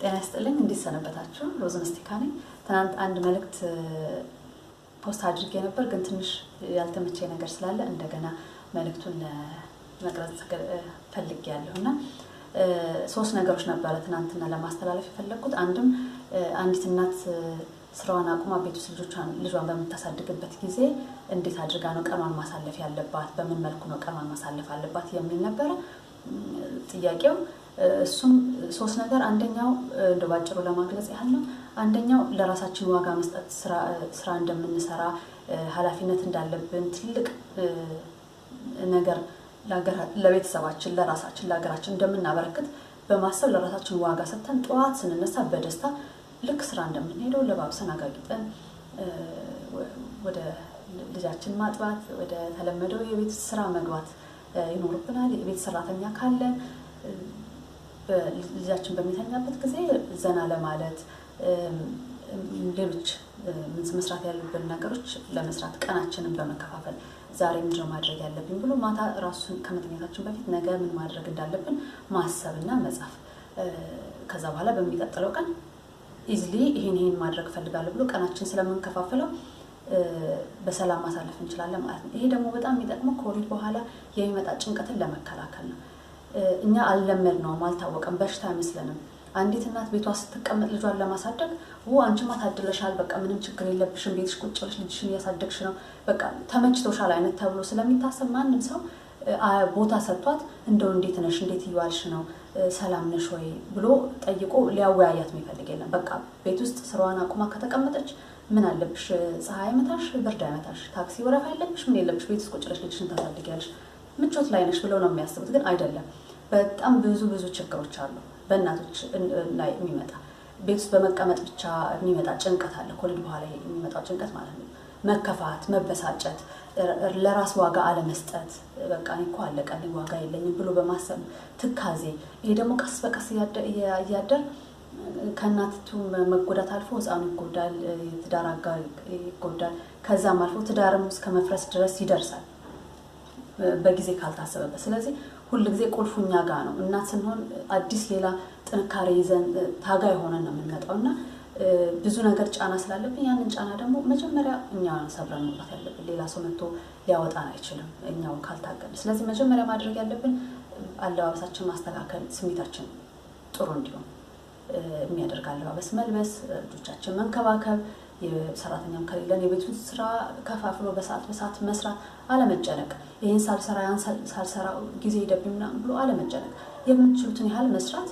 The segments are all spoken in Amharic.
ጤና ይስጥልኝ። እንዴት ሰነበታችሁ? ሮዝ ነኝ። ትናንት አንድ መልእክት ፖስት አድርጌ ነበር፣ ግን ትንሽ ያልተመቼ ነገር ስላለ እንደገና መልእክቱን መቅረጽ ፈልጌ ያለሁ እና ሶስት ነገሮች ነበረ ትናንትና ለማስተላለፍ የፈለግኩት። አንድም አንዲት እናት ስራዋን አቁማ ቤት ውስጥ ልጇን በምታሳድግበት ጊዜ እንዴት አድርጋ ነው ቀኗን ማሳለፍ ያለባት፣ በምን መልኩ ነው ቀኗን ማሳለፍ አለባት የሚል ነበረ። ጥያቄው እሱም ሶስት ነገር አንደኛው እንደ ባጭሩ ለማግለጽ ያህል ነው። አንደኛው ለራሳችን ዋጋ መስጠት ስራ እንደምንሰራ ኃላፊነት እንዳለብን ትልቅ ነገር ለቤተሰባችን፣ ለራሳችን፣ ለሀገራችን እንደምናበረክት በማሰብ ለራሳችን ዋጋ ሰጥተን ጠዋት ስንነሳ በደስታ ልክ ስራ እንደምንሄደው ለባብሰን አጋጊጠን ወደ ልጃችን ማጥባት ወደ ተለመደው የቤት ስራ መግባት ይኖርብናል። የቤት ሰራተኛ ካለ ልጃችን በሚተኛበት ጊዜ ዘና ለማለት ሌሎች መስራት ያለብን ነገሮች ለመስራት ቀናችንን በመከፋፈል ዛሬ ምንድነው ማድረግ ያለብኝ ብሎ ማታ ራሱን ከመተኛታችን በፊት ነገ ምን ማድረግ እንዳለብን ማሰብና መጻፍ ከዛ በኋላ በሚቀጥለው ቀን ኢዝሊ ይህን ይህን ማድረግ እፈልጋለሁ ብሎ ቀናችን ስለምንከፋፍለው በሰላም ማሳለፍ እንችላለን ማለት ነው። ይሄ ደግሞ በጣም የሚጠቅመው ከወሊድ በኋላ የሚመጣ ጭንቀትን ለመከላከል ነው። እኛ አልለመድ ነውም አልታወቀም፣ በሽታ አይመስለንም። አንዲት እናት ቤቷ ስትቀመጥ ልጇን ለማሳደግ አንቺማ ታድለሻል፣ በቃ ምንም ችግር የለብሽም፣ ቤትሽ ቁጭ ብለሽ ልጅሽን እያሳደግሽ ነው፣ በቃ ተመችቶሻል አይነት ተብሎ ስለሚታሰብ ማንም ሰው ቦታ ሰጥቷት እንደው እንዴት ነሽ፣ እንዴት እየዋልሽ ነው፣ ሰላም ነሽ ወይ ብሎ ጠይቆ ሊያወያያት የሚፈልግ የለም። በቃ ቤት ውስጥ ስራዋን አቁማ ከተቀመጠች ምን አለብሽ ፀሐይ አይመታሽ፣ ብርድ አይመታሽ፣ ታክሲ ወረፋ የለብሽ፣ ምን የለብሽ፣ ቤት ውስጥ ቁጭ ብለሽ ልጅሽን ታሳድጊያለሽ፣ ምቾት ላይ ነሽ ብለው ነው የሚያስቡት። ግን አይደለም። በጣም ብዙ ብዙ ችግሮች አሉ በእናቶች ላይ የሚመጣ ቤት ውስጥ በመቀመጥ ብቻ የሚመጣ ጭንቀት አለ። ኮልድ በኋላ የሚመጣው ጭንቀት ማለት ነው። መከፋት፣ መበሳጨት፣ ለራስ ዋጋ አለመስጠት፣ በቃ እኮ አለቀልኝ ዋጋ የለኝም ብሎ በማሰብ ትካዜ። ይሄ ደግሞ ቀስ በቀስ እያደር ከእናትቱ መጎዳት አልፎ ህፃኑ ይጎዳል፣ የትዳር አጋር ይጎዳል። ከዛም አልፎ ትዳርም እስከ መፍረስ ድረስ ይደርሳል በጊዜ ካልታሰበበት። ስለዚህ ሁል ጊዜ ቁልፉ እኛ ጋ ነው። እናት ስንሆን አዲስ ሌላ ጥንካሬ ይዘን ታጋ የሆነ ነው የምንመጣው እና ብዙ ነገር ጫና ስላለብን ያንን ጫና ደግሞ መጀመሪያ እኛ ሰብረን መውጣት ያለብን፣ ሌላ ሰው መጥቶ ሊያወጣን አይችልም እኛው ካልታገልን። ስለዚህ መጀመሪያ ማድረግ ያለብን አለባበሳችን ማስተካከል፣ ስሜታችን ጥሩ እንዲሆን የሚያደርግ አለባበስ መልበስ፣ ልጆቻችን መንከባከብ፣ ሰራተኛም ከሌለን የቤቱን ስራ ከፋፍሎ በሰዓት በሰዓት መስራት፣ አለመጨነቅ፣ ይህን ሳልሰራ ያን ሳልሰራ ጊዜ ሄደብኝ ምናምን ብሎ አለመጨነቅ፣ የምንችሉትን ያህል መስራት፣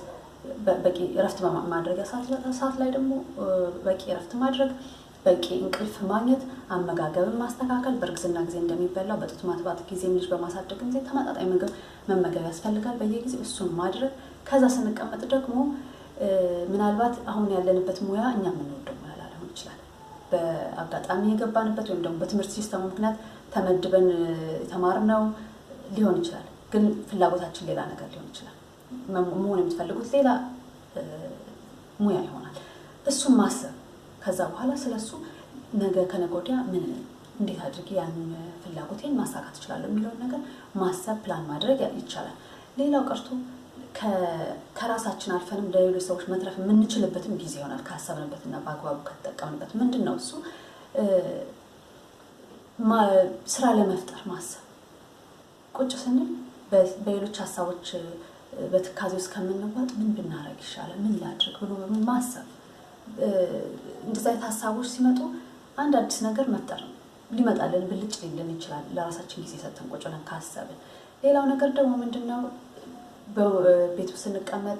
በቂ እረፍት ማድረጊያ ሰዓት ላይ ደግሞ በቂ እረፍት ማድረግ በቂ እንቅልፍ ማግኘት፣ አመጋገብን ማስተካከል። በእርግዝና ጊዜ እንደሚበላው በጡት ማጥባት ጊዜ ልጅ በማሳደግ ጊዜ ተመጣጣኝ ምግብ መመገብ ያስፈልጋል በየጊዜ እሱን ማድረግ። ከዛ ስንቀመጥ ደግሞ ምናልባት አሁን ያለንበት ሙያ እኛ የምንወደው ሙያ ላይሆን ይችላል። በአጋጣሚ የገባንበት ወይም ደግሞ በትምህርት ሲስተሙ ምክንያት ተመድበን የተማርነው ሊሆን ይችላል። ግን ፍላጎታችን ሌላ ነገር ሊሆን ይችላል። መሆን የምትፈልጉት ሌላ ሙያ ይሆናል። እሱም ማሰብ ከዛ በኋላ ስለሱ ነገ ከነገ ወዲያ ምን እንዴት አድርጌ ያንን ፍላጎቴን ማሳካት እችላለሁ የሚለውን ነገር ማሰብ ፕላን ማድረግ ይቻላል። ሌላው ቀርቶ ከራሳችን አልፈንም ለሌሎች ሰዎች መትረፍ የምንችልበትም ጊዜ ይሆናል። ካሰብንበትና በአግባቡ ከተጠቀምንበት ምንድን ነው እሱ ስራ ለመፍጠር ማሰብ። ቁጭ ስንል በሌሎች ሀሳቦች በትካዜ ውስጥ ከምንዋጥ ምን ብናደርግ ይሻላል፣ ምን ላድርግ ብሎ ማሰብ። እንደዚህ አይነት ሀሳቦች ሲመጡ አንድ አዲስ ነገር መፍጠር ሊመጣልን ብልጭ ሊልን ይችላል። ለራሳችን ጊዜ ሰጥተን ቁጭ ብለን ካሰብን። ሌላው ነገር ደግሞ ምንድን ነው ቤቱ ስንቀመጥ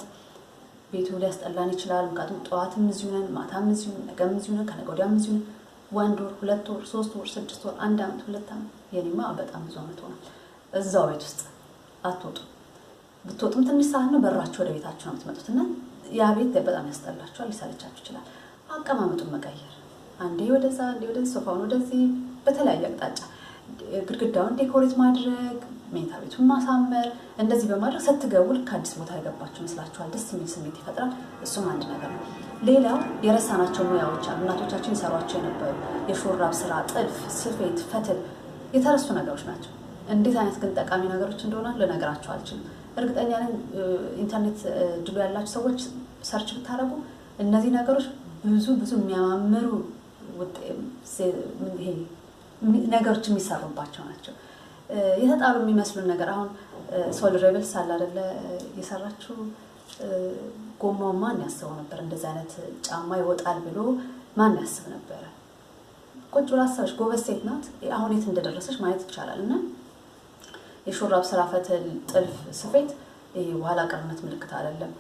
ቤቱ ሊያስጠላን ይችላል። ምክንያቱም ጠዋትም እዚሁ ነን፣ ማታም እዚሁ ነን፣ ነገም እዚሁ ነን፣ ከነገ ወዲያም እዚሁ ነን። አንድ ወር፣ ሁለት ወር፣ ሶስት ወር፣ ስድስት ወር፣ አንድ አመት፣ ሁለት አመት፣ የኔማ በጣም ብዙ አመት ሆነ። እዛው ቤት ውስጥ አትወጡም። ብትወጡም ትንሽ ሰዓት ነው፣ በራችሁ ወደ ቤታችሁ ነው የምትመጡት እና ያ ቤት በጣም ያስጠላችኋል፣ ሊሰለቻችሁ ይችላል። አቀማመጡን መቀየር፣ አንዴ ወደዛ፣ አንዴ ወደዚህ፣ ሶፋውን ወደዚህ፣ በተለያየ አቅጣጫ ግድግዳውን ዴኮሬት ማድረግ መኝታ ቤቱን ማሳመር፣ እንደዚህ በማድረግ ስትገቡ ልክ አዲስ ቦታ የገባችሁ ይመስላችኋል። ደስ የሚል ስሜት ይፈጥራል። እሱም አንድ ነገር ነው። ሌላው የረሳናቸው ሙያዎች አሉ። እናቶቻችን ይሰሯቸው የነበሩ የሹራብ ስራ፣ ጥልፍ፣ ስፌት፣ ፈትል የተረሱ ነገሮች ናቸው። እንዴት አይነት ግን ጠቃሚ ነገሮች እንደሆነ ልነግራቸው አልችልም። እርግጠኛ ነኝ ኢንተርኔት ድሎ ያላቸው ሰዎች ሰርች ብታደረጉ እነዚህ ነገሮች ብዙ ብዙ የሚያማምሩ ነገሮች የሚሰሩባቸው ናቸው። የተጣሉ የሚመስሉን ነገር አሁን ሶል ሬብልስ አለ አይደለ የሰራችው ጎማው ማን ያስበው ነበር? እንደዚህ አይነት ጫማ ይወጣል ብሎ ማን ያስብ ነበረ? ቁጭ ብላ አሰበች። ጎበዝ ሴት ናት። አሁን የት እንደደረሰች ማየት ይቻላል። እና የሹራብ ስራ፣ ፈትል፣ ጥልፍ፣ ስፌት የኋላ ቅርነት ምልክት አይደለም።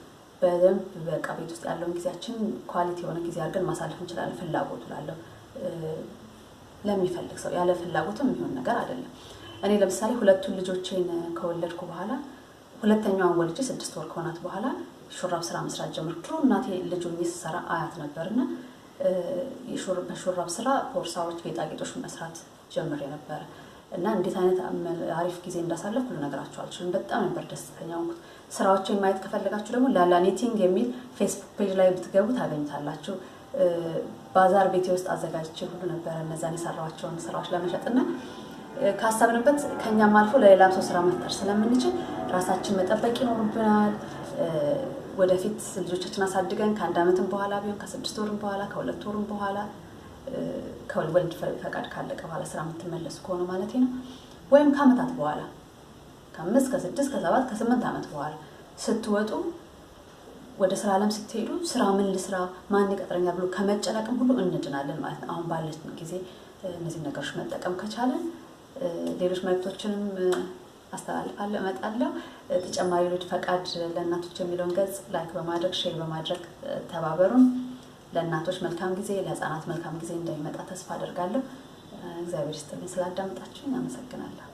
በደንብ በቃ ቤት ውስጥ ያለውን ጊዜያችን ኳሊቲ የሆነ ጊዜ አድርገን ማሳለፍ እንችላለን። ፍላጎቱ ላለው ለሚፈልግ ሰው ያለ ፍላጎትም የሚሆን ነገር አይደለም። እኔ ለምሳሌ ሁለቱን ልጆቼን ከወለድኩ በኋላ ሁለተኛዋን ወልጄ ስድስት ወር ከሆናት በኋላ ሹራብ ስራ መስራት ጀምር። ድሮ እናቴ ልጁ ስሰራ አያት ነበርና በሹራብ ስራ ቦርሳዎች፣ ጌጣጌጦች መስራት ጀምር ነበረ እና እንዴት አይነት አሪፍ ጊዜ እንዳሳለፍ ሁሉ ነገራቸው አልችልም። በጣም ነበር ደስተኛ ሆንኩት። ስራዎችን ማየት ከፈለጋችሁ ደግሞ ላላ ኔቲንግ የሚል ፌስቡክ ፔጅ ላይ ብትገቡ ታገኝታላችሁ። ባዛር ቤቴ ውስጥ አዘጋጅቼ ሁሉ ነበረ እነዛን የሰራቸውን ስራዎች ለመሸጥና ካሰብንበት ከኛም አልፎ ለሌላም ሰው ስራ መፍጠር ስለምንችል ራሳችን መጠበቅ ይኖርብናል። ወደፊት ልጆቻችን አሳድገን ከአንድ ዓመትም በኋላ ቢሆን ከስድስት ወርም በኋላ ከሁለት ወርም በኋላ ከወልድ ፈቃድ ካለቀ በኋላ ስራ የምትመለሱ ከሆነ ማለት ነው ወይም ከአመታት በኋላ ከአምስት ከስድስት ከሰባት ከስምንት ዓመት በኋላ ስትወጡ ወደ ስራ አለም ስትሄዱ ስራ ምን ልስራ ማን ይቀጥረኛል ብሎ ከመጨነቅም ሁሉ እንድናለን ማለት ነው። አሁን ባለችን ጊዜ እነዚህ ነገሮች መጠቀም ከቻለን ሌሎች መልዕክቶችንም አስተላልፋለሁ እመጣለሁ። ተጨማሪ ልጅ ፈቃድ ለእናቶች የሚለውን ገጽ ላይክ በማድረግ ሼር በማድረግ ተባበሩን። ለእናቶች መልካም ጊዜ፣ ለህፃናት መልካም ጊዜ እንደሚመጣ ተስፋ አደርጋለሁ። እግዚአብሔር ይስጥልኝ። ስላዳምጣችሁኝ አመሰግናለሁ።